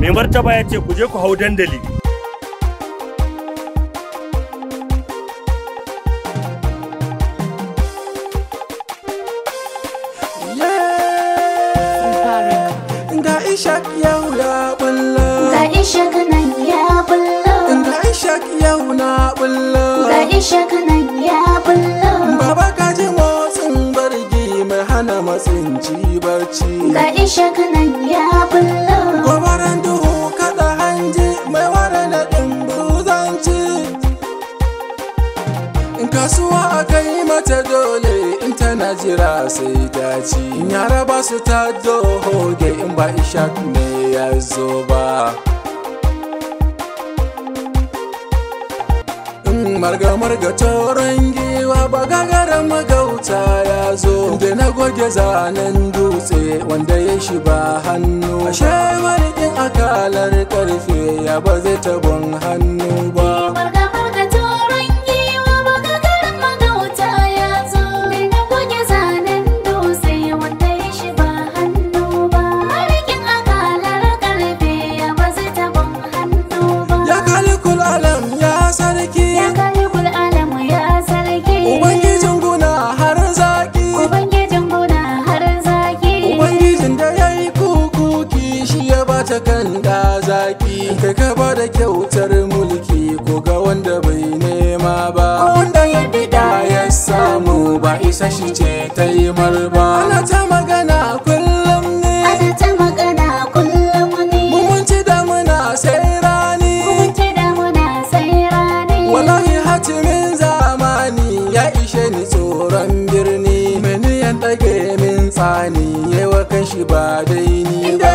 mai martaba ya ce ku je ku hau dandali ga ishak yau ya bullo baba ka ji motsin bargi mai hana matsin ci barci ga nan kasuwa a kai mata dole in tana jira sai ta ci yara ba su ta doho ga in ba ishak ne ya zo ba marga-marga tauron giwa ba magauta ya zo da na goge zanen dutse wanda ya shi ba hannu ashe wani akalar karfe ya ba zai tabon hannu ba ta kanda zaki ka gaba da kyautar mulki ko ga wanda bai nema ba wanda ya bida ya samu ba isa shi ce ta yi marba ana ta magana kullum ne ana ta magana kullum ne mun ci damuna sai rani mun ci damuna sai rani wallahi hatimin zamani ya ishe ni tsoron birni mini yan dage min tsani yawa kan shi ba dai ni ba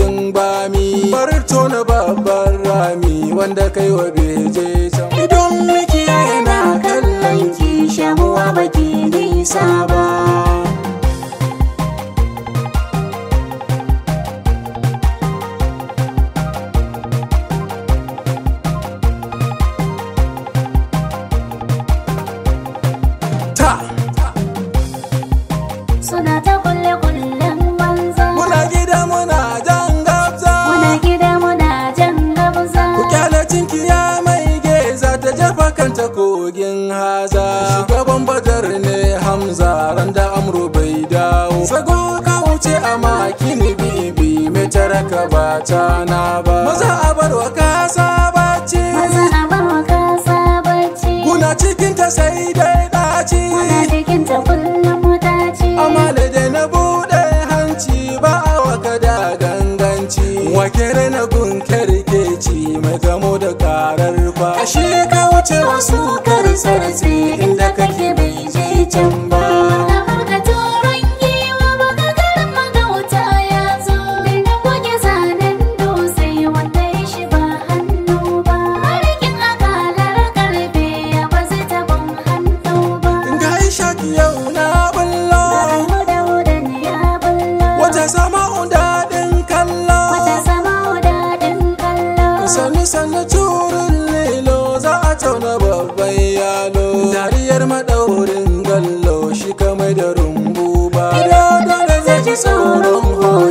tona babban rami wanda kai wa beje can idan muke yana kallon ki shabuwa baki nisa ba suna ta kulle kulle kanta kogin haza shugaban badar ne hamza randa amro bai dawo sago ka wuce a makini bibi mai taraka ba ta na ba maza a barwa kasa bacci maza kasa bacci kuna cikin sai dai daci kuna cikin da na bude hanci ba a waka da ganganci wakere na ka gamo da karar ba ashe ka wuce wasu karin sarari inda kake bai je can sani sani turin lilo za a tauna babban yalo dariyar madaurin gallo shi kamar da rumbu ba da dole zai ji sauran hoyo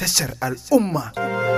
tashar al'umma.